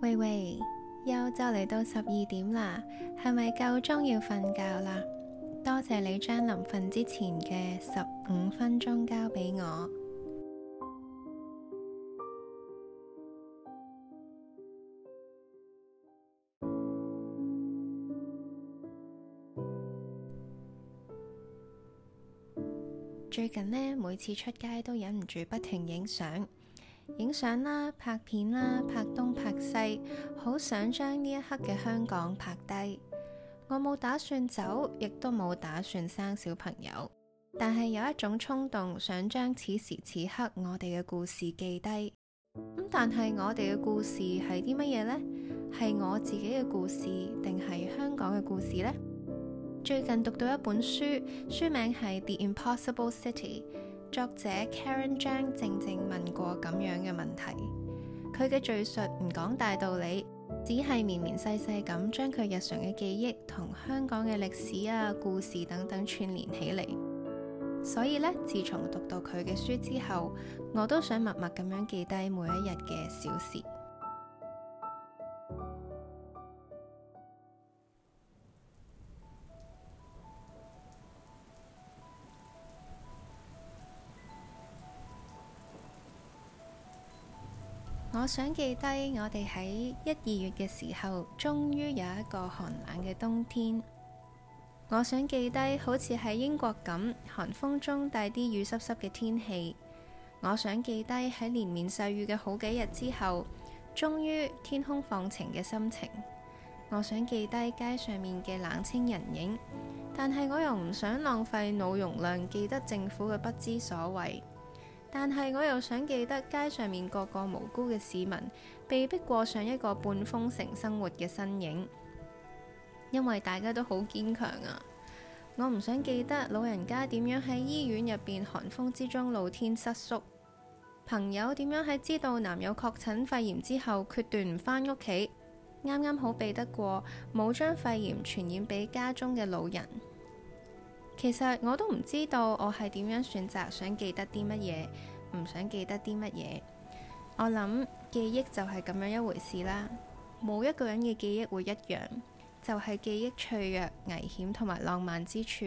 喂喂，又就嚟到十二點啦，係咪夠鐘要瞓覺啦？多謝你將臨瞓之前嘅十五分鐘交畀我。最近呢，每次出街都忍唔住不停影相。影相啦，拍片啦，拍東拍西，好想將呢一刻嘅香港拍低。我冇打算走，亦都冇打算生小朋友，但係有一種衝動想將此時此刻我哋嘅故事記低。咁但係我哋嘅故事係啲乜嘢呢？係我自己嘅故事，定係香港嘅故事呢？最近讀到一本書，書名係《The Impossible City》。作者 Karen 張靜靜問過咁樣嘅問題，佢嘅敘述唔講大道理，只係綿綿細細咁將佢日常嘅記憶同香港嘅歷史啊、故事等等串連起嚟。所以呢，自從讀到佢嘅書之後，我都想默默咁樣記低每一日嘅小事。我想記低我哋喺一二月嘅時候，終於有一個寒冷嘅冬天。我想記低好似喺英國咁，寒風中帶啲雨濕濕嘅天氣。我想記低喺連綿細雨嘅好幾日之後，終於天空放晴嘅心情。我想記低街上面嘅冷清人影，但係我又唔想浪費腦容量，記得政府嘅不知所謂。但係我又想記得街上面個個無辜嘅市民，被迫過上一個半封城生活嘅身影，因為大家都好堅強啊！我唔想記得老人家點樣喺醫院入邊寒風之中露天瑟縮，朋友點樣喺知道男友確診肺炎之後，決斷唔返屋企，啱啱好避得過，冇將肺炎傳染俾家中嘅老人。其實我都唔知道我係點樣選擇，想記得啲乜嘢，唔想記得啲乜嘢。我諗記憶就係咁樣一回事啦，冇一個人嘅記憶會一樣，就係記憶脆弱、危險同埋浪漫之處。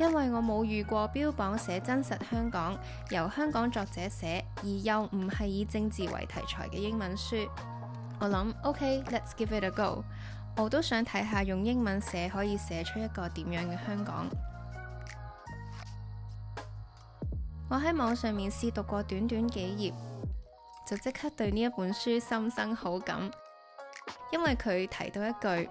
因為我冇遇過標榜寫真實香港、由香港作者寫，而又唔係以政治為題材嘅英文書，我諗 OK，Let's give it a go，我都想睇下用英文寫可以寫出一個點樣嘅香港。我喺網上面試讀過短短幾頁，就即刻對呢一本書心生好感，因為佢提到一句。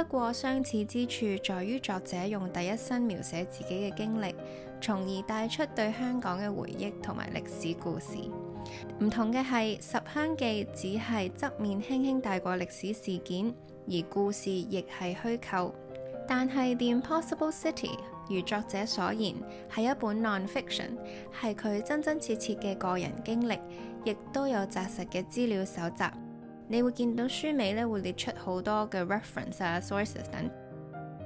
不過相似之處在於作者用第一身描寫自己嘅經歷，從而帶出對香港嘅回憶同埋歷史故事。唔同嘅係《十香記》只係側面輕輕帶過歷史事件，而故事亦係虛構。但係《The Impossible City》，如作者所言，係一本 non-fiction，係佢真真切切嘅個人經歷，亦都有紮實嘅資料搜集。你會見到書尾咧，會列出好多嘅 reference 啊、sources 等。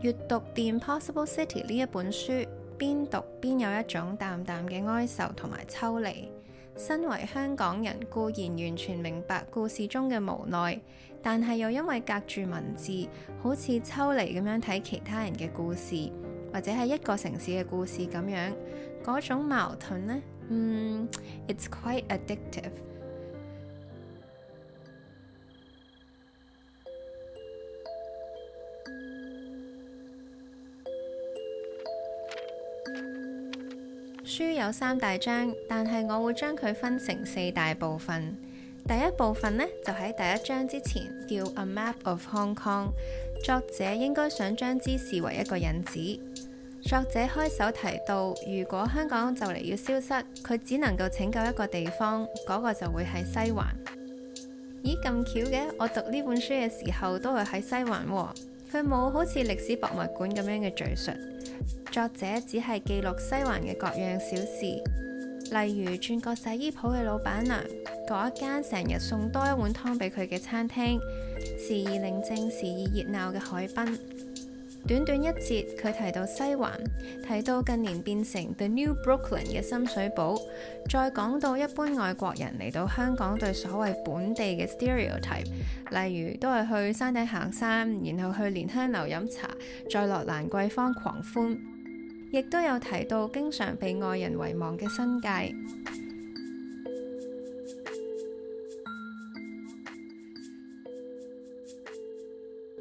閱讀《The Impossible City》呢一本書，邊讀邊有一種淡淡嘅哀愁同埋抽離。身為香港人，固然完全明白故事中嘅無奈，但係又因為隔住文字，好似抽離咁樣睇其他人嘅故事，或者係一個城市嘅故事咁樣，嗰種矛盾呢，嗯，it's quite addictive。書有三大章，但係我會將佢分成四大部分。第一部分呢，就喺第一章之前，叫《A Map of Hong Kong》。作者應該想將之視為一個引子。作者開首提到，如果香港就嚟要消失，佢只能夠拯救一個地方，嗰個就會喺西環。咦，咁巧嘅，我讀呢本書嘅時候都會喺西環喎。佢冇好似歷史博物館咁樣嘅敘述。作者只係記錄西環嘅各樣小事，例如轉個洗衣鋪嘅老闆娘，嗰一間成日送多一碗湯俾佢嘅餐廳，時而寧靜，時而熱鬧嘅海濱。短短一節，佢提到西環，提到近年變成 The New Brooklyn 嘅深水埗，再講到一般外國人嚟到香港對所謂本地嘅 stereotype，例如都係去山頂行山，然後去蓮香樓飲茶，再落蘭桂坊狂歡。亦都有提到，經常被外人遺忘嘅新界。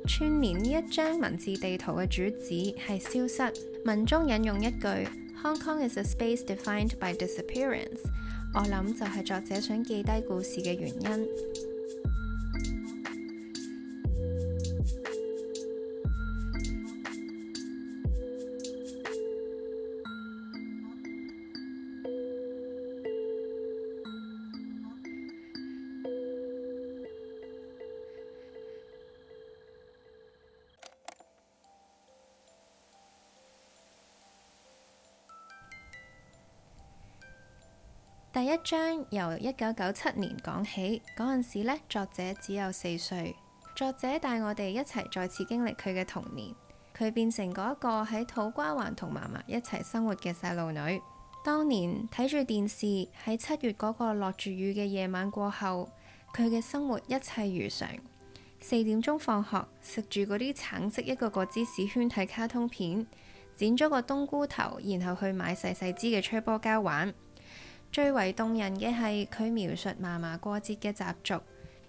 串連呢一張文字地圖嘅主旨係消失。文中引用一句，Hong Kong is a space defined by disappearance。我諗就係作者想記低故事嘅原因。一張由一九九七年講起，嗰陣時呢，作者只有四歲。作者帶我哋一齊再次經歷佢嘅童年。佢變成嗰一個喺土瓜灣同嫲嫲一齊生活嘅細路女。當年睇住電視喺七月嗰個落住雨嘅夜晚過後，佢嘅生活一切如常。四點鐘放學，食住嗰啲橙色一個個芝士圈，睇卡通片，剪咗個冬菇頭，然後去買細細支嘅吹波膠玩。最為動人嘅係佢描述嫲嫲過節嘅習俗，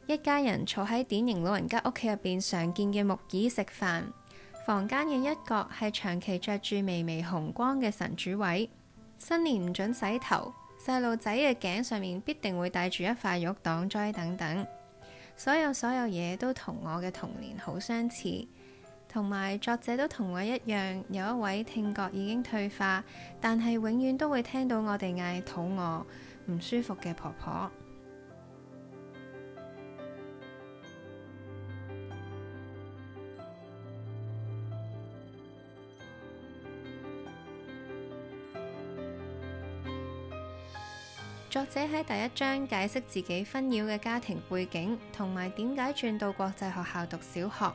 一家人坐喺典型老人家屋企入邊常見嘅木椅食飯，房間嘅一角係長期着住微微紅光嘅神主位，新年唔准洗頭，細路仔嘅頸上面必定會戴住一塊玉擋災等等，所有所有嘢都同我嘅童年好相似。同埋作者都同我一樣，有一位聽覺已經退化，但係永遠都會聽到我哋嗌肚餓、唔舒服嘅婆婆。作者喺第一章解釋自己紛擾嘅家庭背景，同埋點解轉到國際學校讀小學。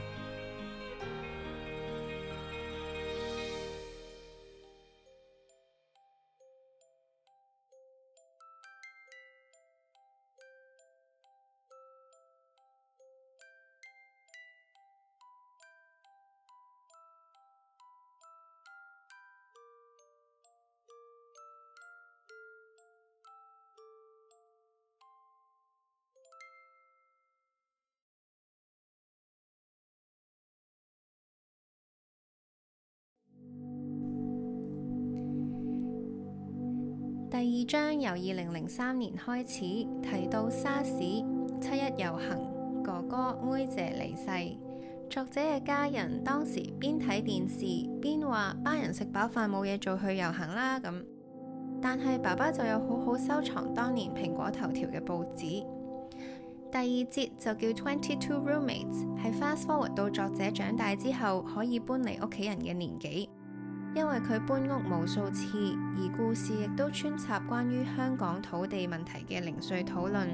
第二章由二零零三年開始，提到沙士、七一遊行、哥哥梅姐離世。作者嘅家人當時邊睇電視邊話班人食飽飯冇嘢做去遊行啦咁。但係爸爸就有好好收藏當年蘋果頭條嘅報紙。第二節就叫 Twenty Two Roommates，係 fast forward 到作者長大之後可以搬嚟屋企人嘅年紀。因為佢搬屋無數次，而故事亦都穿插關於香港土地問題嘅零碎討論，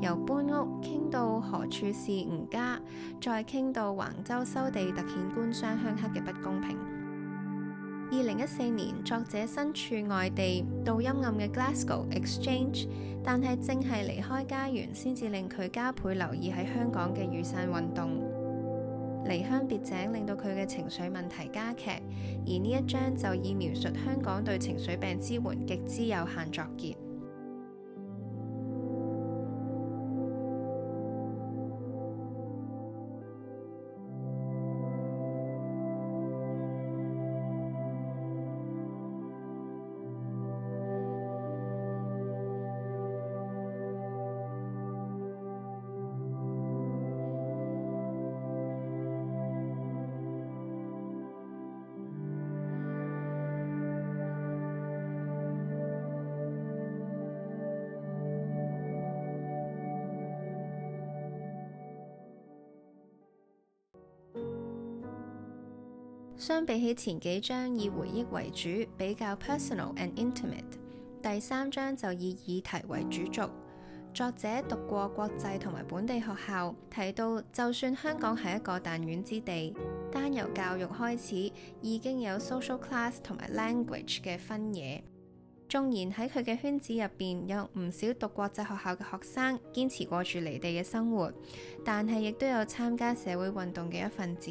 由搬屋傾到何處是吾家，再傾到橫洲收地凸顯官商鄉黑嘅不公平。二零一四年，作者身處外地，到陰暗嘅 Glasgow Exchange，但係正係離開家園，先至令佢加倍留意喺香港嘅雨傘運動。離鄉別井令到佢嘅情緒問題加劇，而呢一章就以描述香港對情緒病支援極之有限作結。相比起前幾章以回憶為主，比較 personal and intimate，第三章就以議題為主軸。作者讀過國際同埋本地學校，提到就算香港係一個彈丸之地，單由教育開始已經有 social class 同埋 language 嘅分野。縱然喺佢嘅圈子入邊有唔少讀國際學校嘅學生堅持過住離地嘅生活，但係亦都有參加社會運動嘅一份子。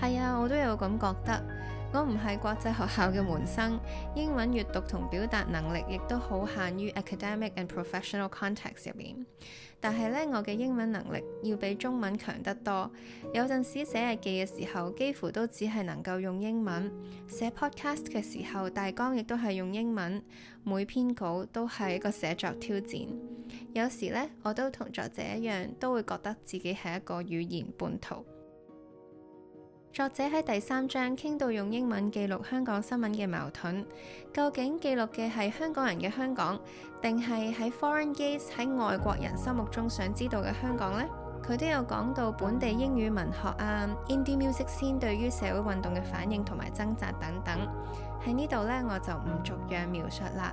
係啊，我都有咁覺得。我唔係國際學校嘅門生，英文閱讀同表達能力亦都好限於 academic and professional context 入面。但係呢，我嘅英文能力要比中文強得多。有陣時寫日記嘅時候，幾乎都只係能夠用英文，寫 podcast 嘅時候，大綱亦都係用英文。每篇稿都係一個寫作挑戰。有時呢，我都同作者一樣，都會覺得自己係一個語言叛徒。作者喺第三章傾到用英文記錄香港新聞嘅矛盾，究竟記錄嘅係香港人嘅香港，定係喺 foreign gaze 喺外國人心目中想知道嘅香港呢？佢都有講到本地英語文學啊，Indie music scene 對於社會運動嘅反應同埋掙扎等等。喺呢度呢，我就唔逐樣描述啦。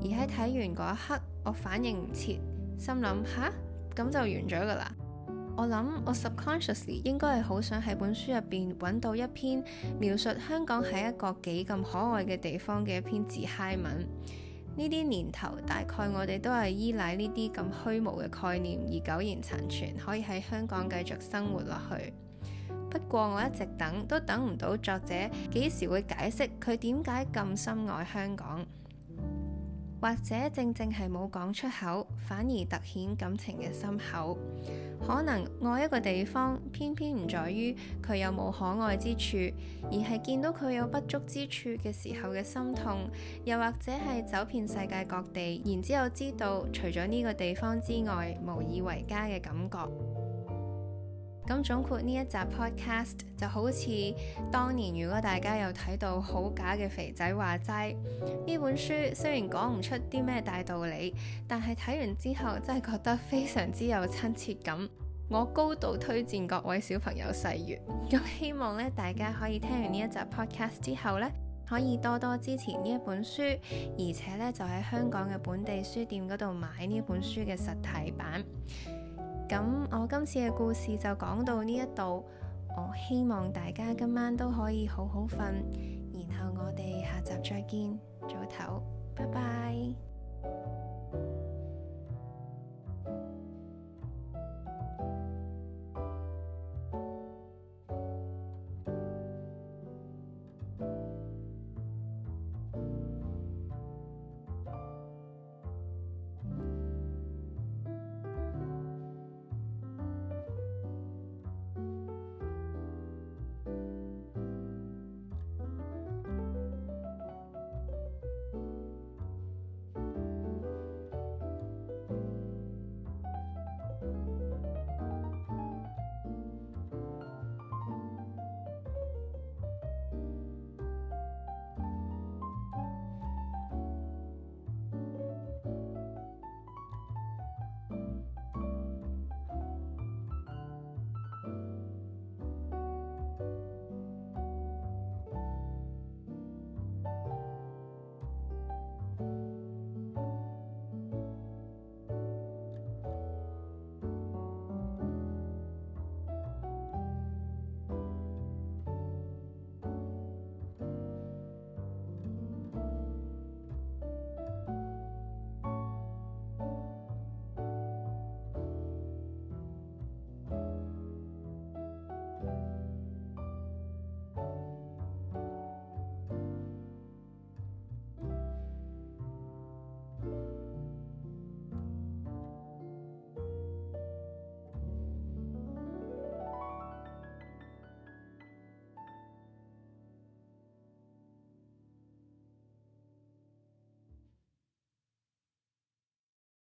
而喺睇完嗰一刻，我反應唔切，心諗吓，咁就完咗噶啦。我諗我 subconsciously 應該係好想喺本書入邊揾到一篇描述香港係一個幾咁可愛嘅地方嘅一篇自嗨文。呢啲年頭大概我哋都係依賴呢啲咁虛無嘅概念而苟延殘存，可以喺香港繼續生活落去。不過我一直等都等唔到作者幾時會解釋佢點解咁深愛香港。或者正正係冇講出口，反而突顯感情嘅深厚。可能愛一個地方，偏偏唔在於佢有冇可愛之處，而係見到佢有不足之處嘅時候嘅心痛。又或者係走遍世界各地，然之後知道除咗呢個地方之外，無以為家嘅感覺。咁總括呢一集 podcast 就好似當年，如果大家有睇到好假嘅肥仔話齋呢本書，雖然講唔出啲咩大道理，但係睇完之後真係覺得非常之有親切感。我高度推薦各位小朋友細閱。咁希望呢，大家可以聽完呢一集 podcast 之後呢，可以多多支持呢一本書，而且呢，就喺香港嘅本地書店嗰度買呢本書嘅實體版。咁我今次嘅故事就講到呢一度，我希望大家今晚都可以好好瞓，然後我哋下集再見，早唞，拜拜。